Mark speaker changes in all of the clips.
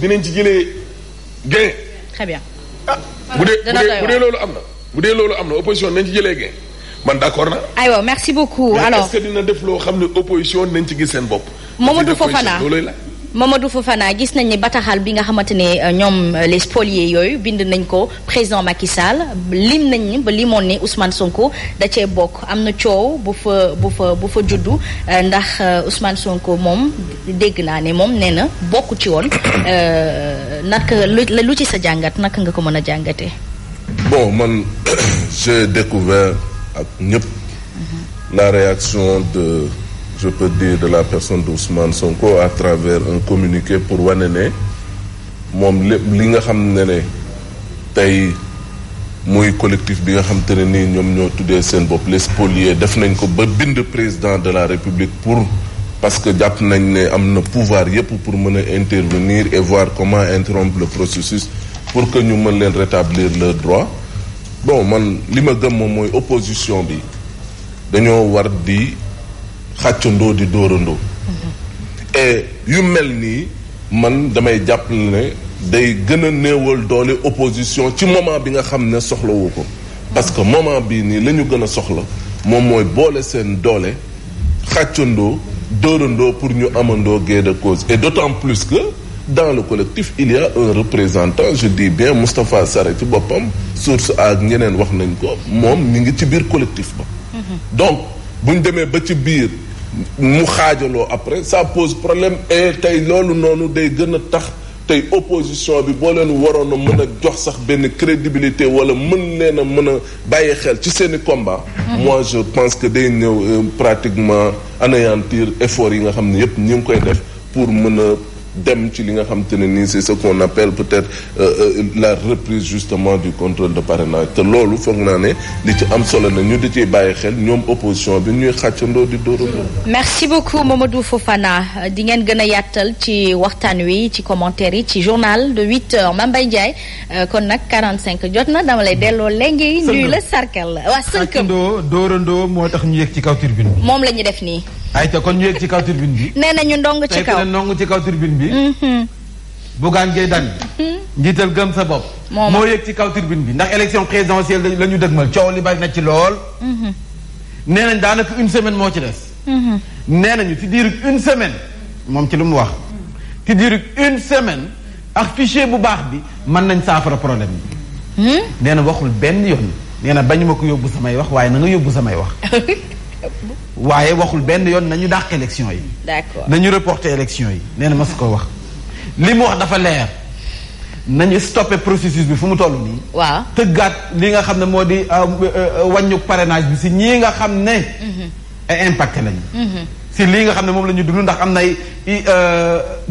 Speaker 1: dinañ ci jëlee gain. très bien ah bu dee bu dee loolu am na. bu dee loolu am na opposition nañ ci jëlee gain man d' accord na.
Speaker 2: aywa merci beaucoup alors est ce
Speaker 1: que dina def loo xam ne opposition nañ ci gis seen bopp.
Speaker 2: Mamadou Fofana looloy la. Mamadou fanaa gis nañ ni bataaxal bi nga xamante ne euh, ñoom euh, les spoliés yooyu bind nañ ko président Macky Sall lim nañ ni ba limoon ne Ousmane Sonko da cee bokk am na coow bu fa bu fa bu fa juddu euh, ndax Ousmane Sonko moom dégg naa ne moom nee na bokk ci woon naka lu ci sa jàngat nak nga ko mën a jàngatee.
Speaker 3: man j'ai découvert ak ñëpp mhm. la réaction de. je peux de la personne d'Ousmane Sonko à travers un communiqué pour wane ne moom lépp li nga xam ne ne tey muy collectif bi nga xam ne nii ñoom ñoo tuddee seen bopp les def nañ ko ba bind président de la république pour parce que jàpp nañ ne am na pouvoir yépp pour mën a intervenir et voir comment interrompre le processus pour que ñu mën leen rétablir leurs droits bon man li ma gëm moom mooy opposition bi dañoo war di xàccandoo di dóorandoo e yu mel nii man damay jàpp ne day gën a néewal doole opposition ci moment bi nga xam ne soxlawu ko parce que moment bii nii lañu ñu gën a soxla moom mooy boole seen doole xàccandoo dóorandoo pour ñu amandoo gain de cause et d'autant plus que dans le collectif il y a un représentant je dis bien Moustapha Sarré ci boppam source ak ñeneen wax nañ ko moom ñu ngi ci biir collectif ba mm-hmm. donc buñ demee ba ci biir mu xaajaloo après ça pose problème et tey loolu noonu day gën a tax tey opposition bi boo leen waroon a mën a jox sax benn crédibilité wala mën leen a mën a bàyyi xel ci seeni combat mhm. moi je pense que day néew euh, pratiquement anéantir effort yi nga xam ne yépp ñu ngi koy def pour mën a dem ci li nga xam te ne nii c'est ce qu'on appelle peut-être euh, euh, la reprise justement du contrôle de parrainage te loolu foog naa ne li ci am solo na ñu di ciy bàyyi xel ñoom opposition bi ñuy xàccandoo di dóorandoo
Speaker 2: merci beaucoup Mamadou Fofana euh, di ngeen gën a yàttal ci waxtaan wi ci commentaire yi ci journal de huit heures Mame Mbaye Ndiaye kon nag quarante cinq jot na dama lay delloo léegi nuyu la sarkal la waa sënkam
Speaker 4: xàccandoo moo tax ñu yëg ci kaw bi
Speaker 2: moom la ñu def nii
Speaker 4: ayca kon ñu yegg ci kaw turbine bi.
Speaker 2: nee na ñu ndong ci kaw tey
Speaker 4: ndong ci kaw turbine bi. Mm-hmm. Bougane Gueye mm-hmm. njiital gëm sa bopp. moo yegg ci kaw turbine bi ndax élection présidentielle la ñu dëgmal coow li bari na ci lool. Mm-hmm. nee nañ daanaka une semaine moo ci des. nee nañu ci une semaine moom ci lu mu wax. ci diiru une semaine ak fichier bu baax bi mën nañ saafara problème bi. Hmm? nee waxul benn yoon nee na bañ ma ko yóbbu samay wax waaye na nga yóbbu samay wax. waaye waxul benn yoon nañu dàq élection yi. na ñu reporter élection yi nee na ma ko wax. li mu wax dafa leer nañu stoppé processus bi fu mu toll nii. waaw tëggaat li nga xam ne moo di euh, euh, euh, wàññu parrainage bi si ñii nga xam ne. Mhm. ay impacté lañu. Mhm. si lii nga xam ne moom la ñu dund ndax am na ay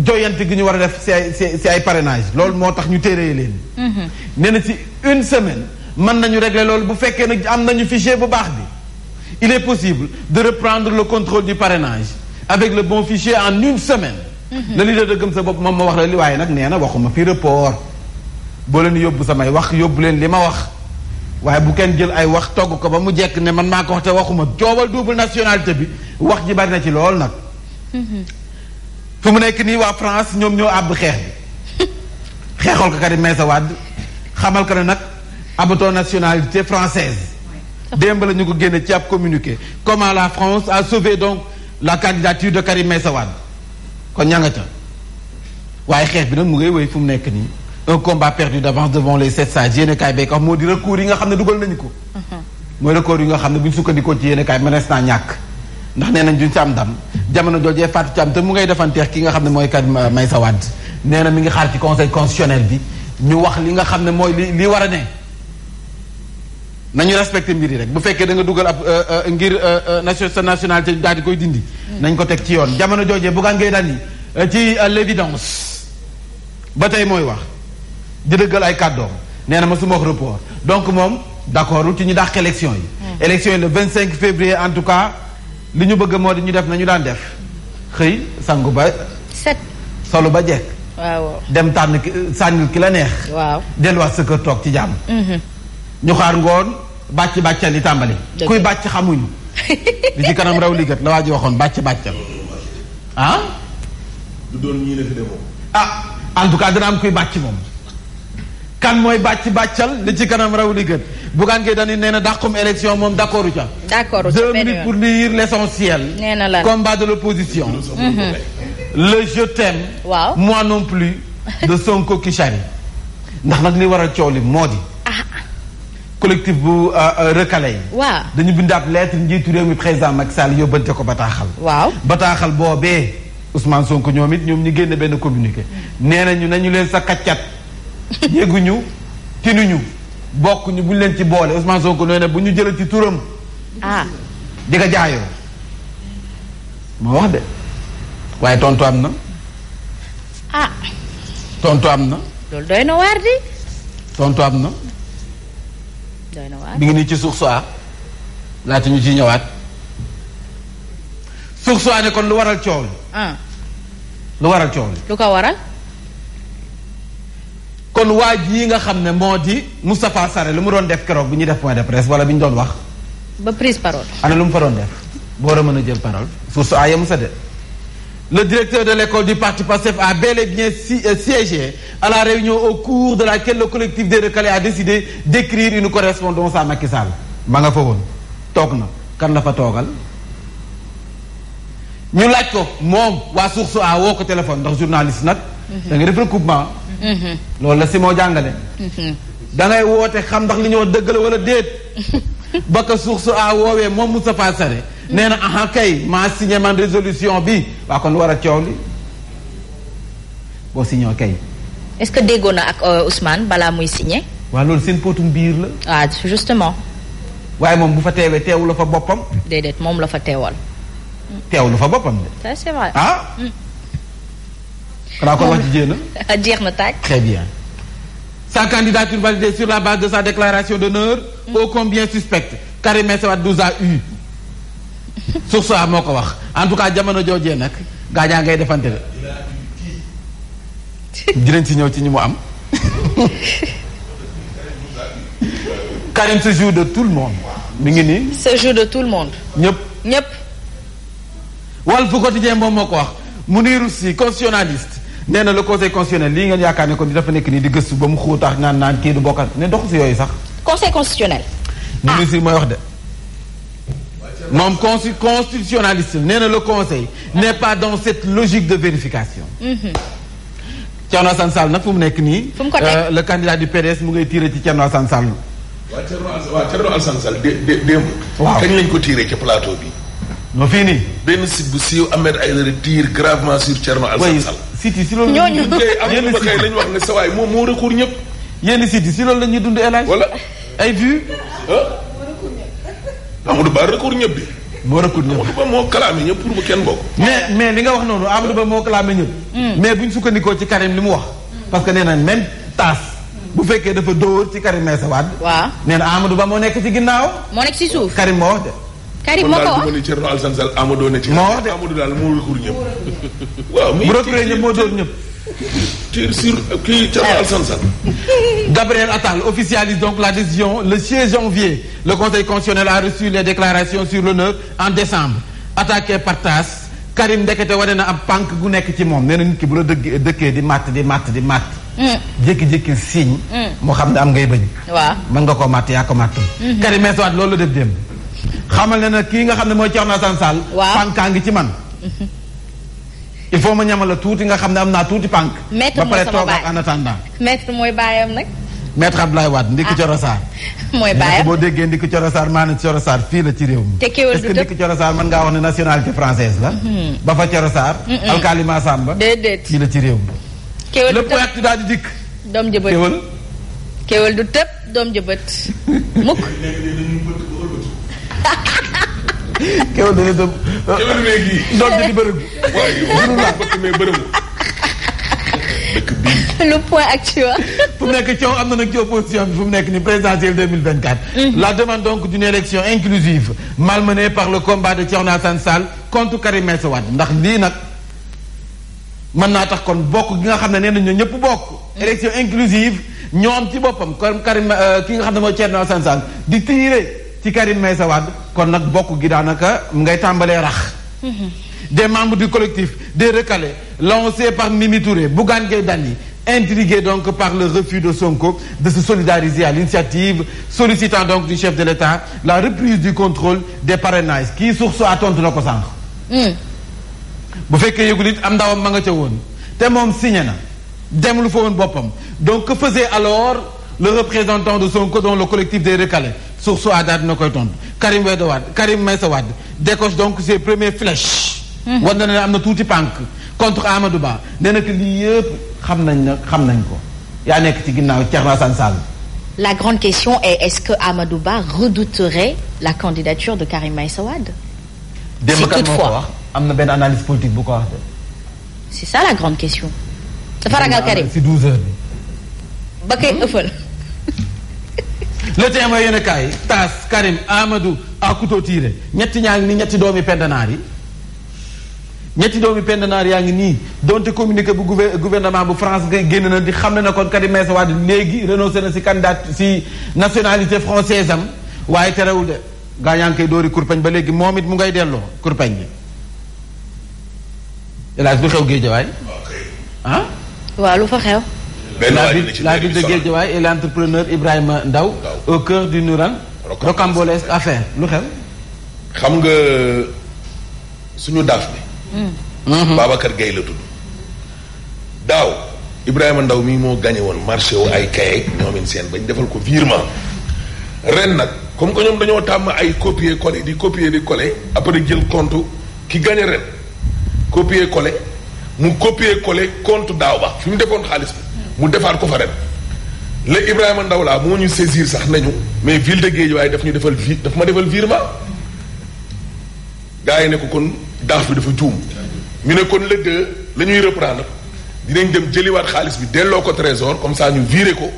Speaker 4: joyante gi ñu war a def si ay si ay parrainage loolu moo tax ñu téeree leen. Mhm. nee na si une semaine mën nañu régler loolu bu fekkee nag am nañu fichier bu baax bi. il est possible de reprendre le contrôle du parrainage avec le bon fichier en une semaine. Mhm. la leader de gëm sa bopp moom ma wax la li waaye nag nee na waxuma fi report boo leen yóbbu samay wax yóbbu leen li ma wax waaye bu kenn jël ay wax togg ko ba mu jekk ne man maa ko wax te waxuma joobal double nationalité bi wax ji bari na ci lool nag. Mhm. fu mu nekk nii waa France ñoom ñoo àbb xeex bi xeexal ko Karim sa Wade xamal ko ne nag abatoo nationalité française démb la ñu ko génne ci ab communiqué comment la France à sauvé donc la candidature de Karim Meïssa Wade kon ña nga ca waaye xeex bi nag mu ngay wéy fu mu nekk nii un combat perdu d'avance devant les sept sages yéen kaay béykat moo di recours yi nga xam ne dugal nañu ko. Mm-hmm. mooy recours yi nga xam ne bu ñu sukkandikoo ci yéen kaay mënees naa ñàkk ndax nee nañ duñ ci am ndam jamono joojee Fatou Thiam te mu ngay defanteex ki nga xam ne mooy Karim euh, Meïssa Wade nee na mi ngi xaar ci conseil constitutionnel bi ñu wax li nga xam ne mooy li li war a ne. nañu respecte mbir yi rek bu fekkee da nga dugal ab euh, euh, ngir euh, sa nationalité daal di koy dindi. nañ ko teg ci yoon jamono joojee bu gàngee daan yi ci l'évidence ba tey mooy wax di dëggal ay kàddoom nee na ma suma ma wax report donc moom d'accordul ci ñu dàq élection yi. Hmm. élection yi le 25 en tout cas li ñu bëgg moo di ñu def nañu daan def xëy sangu ba. set solo ba jekk. dem tànn ki sànnil ki la neex. waaw delluwaat sa kër toog ci jàmm. Hmm. ñu xaar ngoon bàcc bàccal di tàmbali. kuy bàcc xamuñu. li ci kanam raw liggéey la waa ji waxoon bàcc bàccal. ah. du doon ah, en tout cas dina am kuy bàcc moom. kan mooy bàcc bàccal li ci kanam raw liggéey. Bougane Gueye Dany nee na dàqum élection moom d' accord ca.
Speaker 2: d' accord deux minutes pour
Speaker 4: lire l' essentiel. de l' mhm. le je t'aime. waaw moi non plus. de Sonko ki ndax nag li waral coow li moo di. collectif bu euh, euh, recalé yi. waaw dañu bindaat lettre njiitu réew mi président Macky Sall yóbbante ko bataaxal. waaw bataaxal boobee Ousmane Sonko ñoom it ñoom ñu génn benn communiqué. nee ñu nañu leen sa kaccat yéguñu tinuñu bokkuñu buñ leen ci boole Ousmane Sonko nee bu ñu jëlee ci turam. ah jaayoo. moo wax de waaye tontu am na. Ah. tontu am na. na waar tontu am na. bi ngi nii ci suuf soix laata ñu ciy ñëwaat suuf soix ne kon lu waral coow li ah. lu waral coow li lu ko waral kon waa ji nga xam ne moo di Moustapha Sarré lu mu doon def keroog bi ñuy def point de presse wala bi ñu doon wax
Speaker 2: ba prise parole
Speaker 4: ana lu mu fa doon def boo war a mën a jël parole suuf soix yemu sa de Le directeur de l'école du parti PASTEF a bel bien si, euh, siégé à la réunion au cours de laquelle le collectif des recalés a d'écrire une correspondance à Macky Sall ma nga fa woon toog na kan la fa toogal ñu laaj ko moom waa source a woo ko téléphone ndax journaliste nag mhm. da ngay def recoupement mhm. loolu la si moo jàngale mhm. da ngay woote xam ndax li ñoo dëgg la wala déet ba ko source a woowee moom Moustapha Sarré nee na aha kay maa signé man résolution bi waa kon war a coow li boo signé kay.
Speaker 2: est-ce que déggoon na ak euh, Ousmane balaa muy signé.
Speaker 4: waaw loolu seen potum biir la. waaw ah, justement. waaye moom bu fa teewee teewu la fa boppam. de moom la fa teewal. teew lu fa boppam de.
Speaker 2: ça c'est vrai ah. Hmm.
Speaker 4: xanaa kon wax ji jéem
Speaker 2: a. jeex na ah, taaj.
Speaker 4: très bien. sa candidature validée sur la base de sa déclaration d'honneur. Hmm. ô combien suspecte Karim Wade nous a eu. suuf saa moo ko wax en tout cas jamono joojee nag gaañaa ngay defante de dinañ si ñëw ci ñu mu am Karim se joue de tout le monde mu ngi nii se joue de tout le monde ñëpp ñëpp Walf Quotidien moom moo ko wax Mounirou Sy constitutionnaliste nee na le conseil constitutionnel lii ngeen yaakaar ne kon dafa nekk nii di gëstu ba mu xóotaax naan naan kii du bokkat ne dox si yooyu sax
Speaker 2: conseil constitutionnel
Speaker 4: Mounirou Sy mooy wax de moom consi constitutionnaliste nee na le conseil n'est pas dans cette logique de vérification. Mhm. Thierno Assane Sall nag fu mu nekk nii. fu mu ko teg euh, le du PDS mu ngay tiire ci Thierno Assane Sall.
Speaker 3: waaw Thierno waaw
Speaker 1: Thierno Assane Sall dé dé démb. waaw kañ lañ ko tiiree ca plateau bi. non fi nii. benn site bu siiw Ahmed Aïdara tiir gravement sur Thierno Assane Sall. si loolu. ñooñu ñooñu kay lañ wax ne sa waay moom moo recours ñëpp. yenn site si loolu la ñuy dund El Hadj. wala ay vues. Amadou Ba recours ñëpp bi. moo recours ñëpp moo kalaame ñëpp pour bu kenn
Speaker 4: bokk. mais mais li nga wax noonu Amadou Ba moo kalaame ñëpp. Mm. mais buñ sukkandikoo ci Karim li mu wax. parce que nee na même taas. bu fekkee dafa dóor ci Karim Meïssa Wade. waaw nee na Amadou Ba moo nekk ci ginnaaw. moo nekk ci suuf Karim moo wax de. Karim moo ko wax kon daal Thierno Alassane Sall Amadou ne moo wax de
Speaker 1: Amadou ñëpp. moo dóor ñëpp sur
Speaker 4: kii Thierno Alassane Sall. Gabriel Attal officialise donc la désision le 6 janvier. Le Conseil constitutionnel a reçu les déclarations sur l'honneur en décembre. Attaqué par TAS Karim Ndekete wane na am panque gu nekk ci moom nee na nit ki bu la dëgg dëkkee di màtt di màtt di màtt. Mm. jékki-jékki signe. Mm. moo xam ne am ngay bëñ. waa mën nga koo màtt yaa ko màtt. Mm-hmm. Karim Mesawaat loolu la def démb. xamal ne nag kii nga xam ne mooy Thierno Alassane Sall. waaw pànkaa ngi ci man. Mm-hmm. il faut ma ñamal la tuuti nga xam ne am naa tuuti pànk. ba pare toog ak en attendant.
Speaker 2: maître mooy baayam nag.
Speaker 4: maître Abdoulaye Wade ndikki Coro ah. Sarr.
Speaker 2: mooy baayam
Speaker 4: boo déggee ndikki Coro Sarr maanaam Coro fii la ci réew mi. te kéwél du dëpp est-ce que ndikki Coro Sarr mën ngaa wax mm-hmm. ci réew mi. kéwél du tëb
Speaker 2: doom jëbët kéwél. du tëb doom jëbët
Speaker 1: kéwél dañuy tëb. évolué gii.
Speaker 4: ndonte di bërëbu. waaye gënu laa bëgg mais bërëbu. dëkk bii. le point actuel. fu mu nekk coow am na nag ci opposition bi fu mu nekk ni présidentielle 2024. Mhm. la demande donc d'une élection inclusive malmenée par le combat de Thierno Alassane Sall contre Karim Meïssa wat ndax lii nag mën naa tax kon bokk gi nga xam ne nee nañu ñëpp bokk. élection inclusive ñoo am ci boppam kon Karim euh, ki nga xam ne moo ceer naa Alassane Sall di tiire. ci Karim Meïssa Wade kon nag bokk gi daanaka ngay tàmbalee rax. des membre du collectif des recalés lancés par Mimi Touré Bougane Gueye Dany intrigué donc par le refus de Sonko de se solidariser à l'initiative sollicitant donc du chef de l'État la reprise du contrôle des parrainages kii suuf soo tontu na ko sànq. Hmm. bu fekkee yëgul it am ndawam ma nga ca woon te moom signé na dem lu fa woon boppam donc que faisait alors le représentant de Sonko dans le collectif suuf su aadaat dina koy tontu Karim Wade Wade Karim Meïssa Wade décoche donc ses premières flèches. Mhm. war na am na tuuti pànk contre Amadou Ba nee na que yëpp xam nañ na xam nañ ko yaa nekk ci ginnaaw Thierno Assane
Speaker 2: la grande question est ce que Amadou Ba redouterait la candidature de Karim Meïssa Wade.
Speaker 4: si toutefois am na benn analyse politique bu ko wax de.
Speaker 2: c'est ça la grande question. dafa ragal Karim si 12 heures bi.
Speaker 4: le témoin yéen a kaay Tass Karim Amadou à couteau tiré ñetti ñaa ngi nii ñetti doomi pendanaar yi ñetti doomi pendanaar yaa ngi nii donte communiqué bu gouvernement bu France nga génn na di xam ne na kon Karim Meïssa Wade léegi renoncé na si candidat si nationalité française am waaye terewul de gaa yaa ngi koy dóori kurpañ ba léegi moom it mu ngay delloo kurpañ bi hélas du xew géejawaay ah waaw lu fa xew la ville de Guédiawaye et l'entrepreneur Ibrahima Ndaw au cœur du Nouran rocambolesque affaire lu xew xam nga suñu daaf
Speaker 1: bi hmm. Hmm. Babacar Gueye la tudd daaw Ibrahima Ndaw mii moo gagné woon marché wu ay kaye ñoomin seen bañ defal ko virement ren nag comme que ñoom dañoo tàmm ay copier coller di copier di coller après jël compte ki gagné ren copier coller mu copier coller compte daaw ba fi defoon xaalis mu defaat ko fa ren la Ibrahima Ndaw laa moo ñu saisir sax nañu mais ville de waaye daf ñu defal vi daf ma defal virement gars yi ne ko kon daaf bi dafa juum ñu ne kon le deux la ñuy reprendre dinañ dem jëliwaat xaalis bi delloo ko trésor comme ça ñu viré ko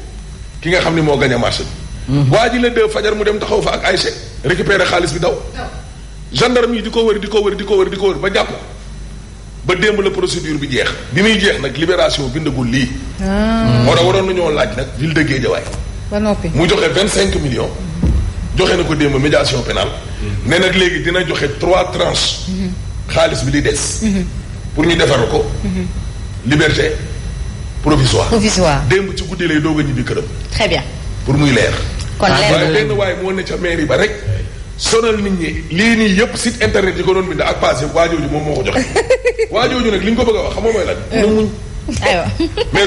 Speaker 1: ki nga xam ni moo gañ a marché bi mhm. waa ji le deux fajar mu dem taxaw fa ak ay chèque récupérer xaalis bi daw gendarme yi di ko wër di ko wër di ko wër di ko wër ba jàpp ba démb la procédure bi jeex bi muy jeex nag libération bindagul lii.
Speaker 2: Ah. moo tax
Speaker 1: waroon nañoo laaj nag ville de Guédiawaye. ba noppi mu joxe vingt cinq millions. joxe na ko démb médiation pénale mm-hmm. ne nag léegi dina joxe trois tranches. Mm-hmm. xaalis bi di des. Mm-hmm. pour ñu defar ko. liberté provisoire. provisoire démb ci guddi lay doog a ñibbi këram. très bien. pour muy leer. kon leer waaye benn waaye moo ne ca mairie ba rek. sonal nit ñi lii nii yëpp site internet yi ko doon bind ak passé waa jooju moom moo ko joxe. waa jooju nag li nga ko bëgg a wax xam nga mooy lan. Eh. na muñ.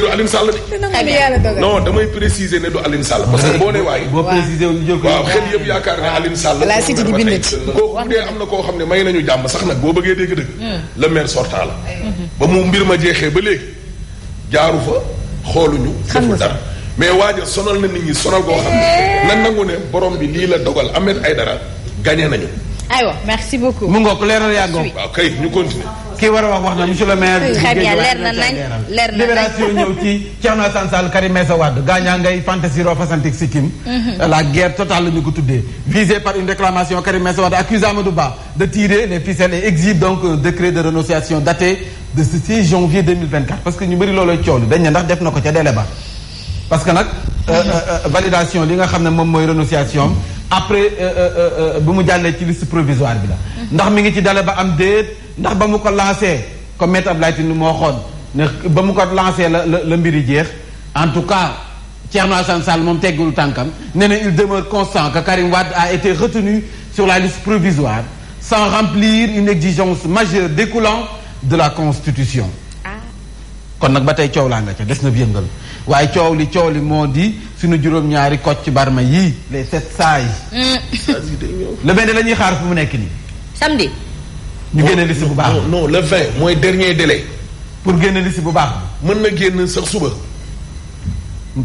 Speaker 1: du Alioune Sall
Speaker 2: de. non
Speaker 1: damay préciser ne du Alioune Sall. parce que boo nee waay. boo préciser ñu jël ko waaw xel yëpp yaakaar ne Alioune Sall. la cité kooku dee am na koo xam ne may nañu jàmm sax nag boo bëggee dégg dëgg. Hmm. le maire sortant la. ba mu mbir ma jeexee ba léegi jaaru fa xooluñu. deful dara mais waaja sonal na nit ñi sonal koo xam ne. Eh. nan nangu ne borom bi lii la dogal Ahmed Aïdara gagné nañu.
Speaker 2: aywa merci beaucoup. mu ngoog leeral yaa ngoog.
Speaker 1: waaw kay ñu
Speaker 4: continuer kii war a wax wax na monsieur le maire. très bien leer na nañ
Speaker 2: leer na nañ libération ñëw ci
Speaker 4: Thierno Assane Sall Karim Meïssa Wade mhm. la guerre totale la ko tuddee. visé par une réclamation Karim Meïssa Wade accuse Amadou Ba de tirer les ficelles et exige donc un de renonciation daté de ce janvier parce que ñu bari looloo coow dañ ne ndax def na ko ca délai ba parce que nag. Euh, euh, euh, validation li nga xam ne moom mooy renonciation après euh, euh, euh, bu mu jàllee ci liste provisoire bi la. ndax mi ngi ci dale ba am déet ndax ba mu ko lancé comme maître Abdoulaye Tine moo xoon ba mu ko lancé la la la mbir yi jeex en tout cas Thierno Alassane Sall moom teggul tànkam nee na il demeure constant que Karim Wade a été retenu sur la liste provisoire sans remplir une exigence majeure découlant de la Constitution. kon nag ba tey coow laa nga ca des na yëngal waaye coow li coow li moo di suñu juróom-ñaari Kocc Barma yii la sept sages. yi mm. vingt la lañuy xaar fu mu nekk nii. samedi. ñu génne liste bu baax
Speaker 1: non le mooy dernier délai. pour génne liste bu baax. mën na génn sax suba.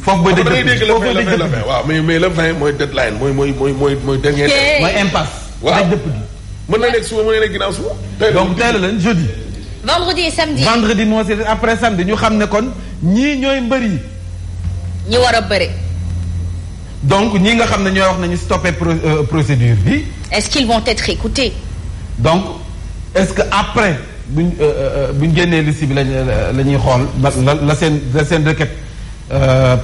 Speaker 1: foofu ba dëgg foofu ba dëgg waaw mais mais mooy deadline mooy mooy mooy mooy
Speaker 4: mooy dernier délai. mooy impasse. waaw daj dëpp gi. mën na nekk suba mën na nekk ginnaaw suba. donc teel a leen jeudi. vendredi et samedi vendredi moo si après samedi ñu xam ne kon ñii ñooy mbër yi. ñi war a bëri. donc ñii nga xam ne ñooy wax nañu stoppé euh, procédure bi.
Speaker 2: est-ce qu'ils vont être écoutés.
Speaker 4: donc est-ce que après bu euh, euh, buñ génnee liste bi lañ la ñuy xool la la seen la seen requête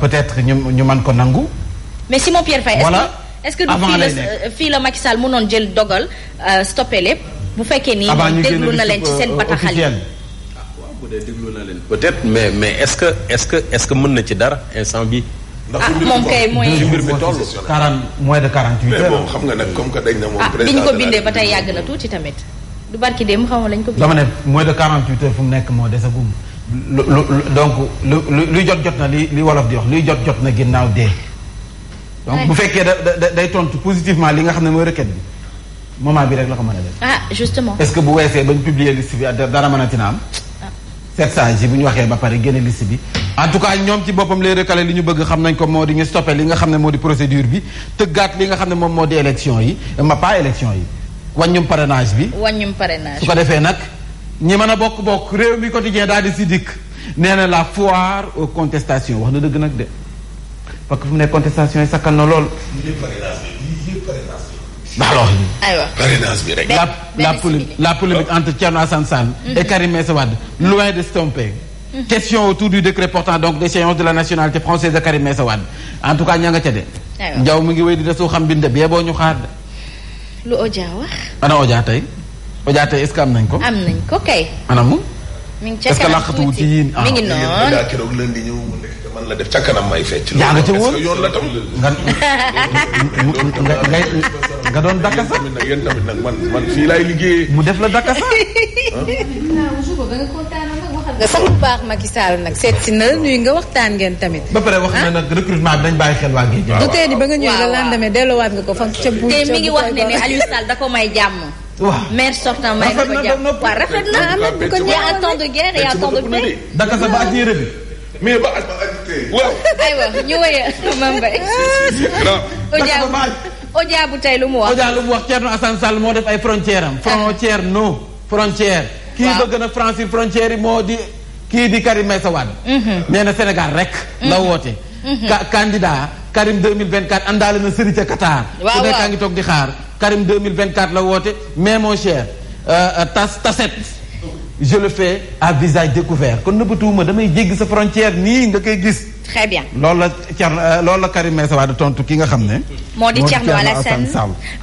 Speaker 4: peut-être ñu ñu mën ko nangu.
Speaker 2: mais Simon Pierre Faye. voilà est-ce que du fii la fii la Macky Sall mënoon jël dogal stoppé lépp. bu fekkee ni moom déglu na leen ci seen bataxal euh, yi ah,
Speaker 4: waaw bu dee déglu na leen peut-être mais mais est-ce que est-ce que est-ce que mën na ci dara instant bi ah, ndax moom kay mooy mbir mi toll quarante moins de quarante huit heures xam nga nag comme que dañ na moom ah, président bi ñu ko bindee
Speaker 2: ba tey yàgg na tuuti tamit du barki démb xam nga lañ ko bindee dama ne
Speaker 4: moins de quarante huit heures lu lu luy jot jot na li li wolof di wax luy jot jot na ginnaaw dee donc bu fekkee da day tontu positivement li nga xam ne mooy requête bi moment bi rek la ko mën
Speaker 2: a def.
Speaker 4: ah bu weesee bañ publier liste bi dara mën a dina am. Ah. sept cent bu ñu waxee ba pare génne liste bi. en tout cas ñoom ci boppam les recalés li ñu bëgg xam nañ ko moo di ñu stoppé li nga xam ne moo di procédure bi tëggaat li nga xam ne moom moo di élection yi ma pas élection yi wàññum parrainage bi.
Speaker 2: wàññum parrainage su ko defee nag
Speaker 4: ñi mën a bokk bokk réew mi quotidien daal di si dikk nee na la foire aux contestations wax na dëgg nag de parce que fu mu ne yi sakkan na lool. ndax la wax la la polémique la polémique entre Thierno Assane Sall. et Karim Meïssa Wade loin de s'estomper. question autour du décret portant donc l'échéance de la nationalité française de Karim Meïssa ca bi boo ñu xaar de.
Speaker 2: lu Oja wax.
Speaker 4: ana Oja tey am nañ ko. am
Speaker 2: nañ ko kay. anam ngi ca kanam tuuti ci mi
Speaker 1: la def ca kanam may fecc. yaa nga ca woon nga doon dakasa yéen tamit nag yéen tamit nag man man fii laay liggéeyee. mu def la dakasa.
Speaker 2: nga sax bu baax Macky Sall nag seet si na nuyu nga waxtaan ngeen tamit.
Speaker 4: ba pare wax na ah? nag recrutement bi dañ bàyyi xel waa Géej. Ah. du tee di ba
Speaker 2: nga ñëw la lendemain delloowaat nga ko fa ca bu te mi ngi wax ne ne Aliou Sall da ko may jàmm. waaw maire sortant may da ko jàmm waaw rafet na am na bu ko ñëwee en temps de guerre et en temps de paix. dakasa ba ak
Speaker 1: yére bi. mais ba ak.
Speaker 4: waaw aywa ñu woyee
Speaker 2: Mame Mbaye. Odia bu tey lu mu wax. Odia lu
Speaker 4: mu wax Thierno Assane moo def ay frontière am. frontière non frontière. waaw kii bëgg na franchir frontière yi moo di kii di Karim Meïssa Wade. Mhm. nee na Sénégal rek. la mhm. woote. Mhm. ka candidat Karim 2024 àndaale na sëri ca Qatar. ku nekk ngi toog di xaar Karim 2024 la woote mais mon cher euh, euh, tas taset. je le fais à visage découvert kon nëbbatuwuma damay jéggi sa frontière nii nga koy gis. très bien loolu la Thierno euh, lool la Karim Meïssa Wade tontu ki nga xam ne. moo di Thierno Alassane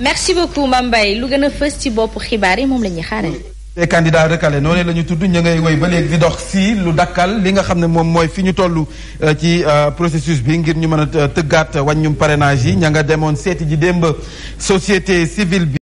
Speaker 2: merci beaucoup Mame Mbaye lu gën a fës ci boppu xibaar yi moom la ñuy xaaral.
Speaker 4: les candidats recalés noonu la ñu tudd ñu ngay woy ba léegi di dox si lu dakkal li nga xam ne moom mooy fi ñu toll euh, ci euh, processus bi ngir ñu mën a tëggaat wàññum parrainage yi ña nga demoon seeti ji démb société civile bi.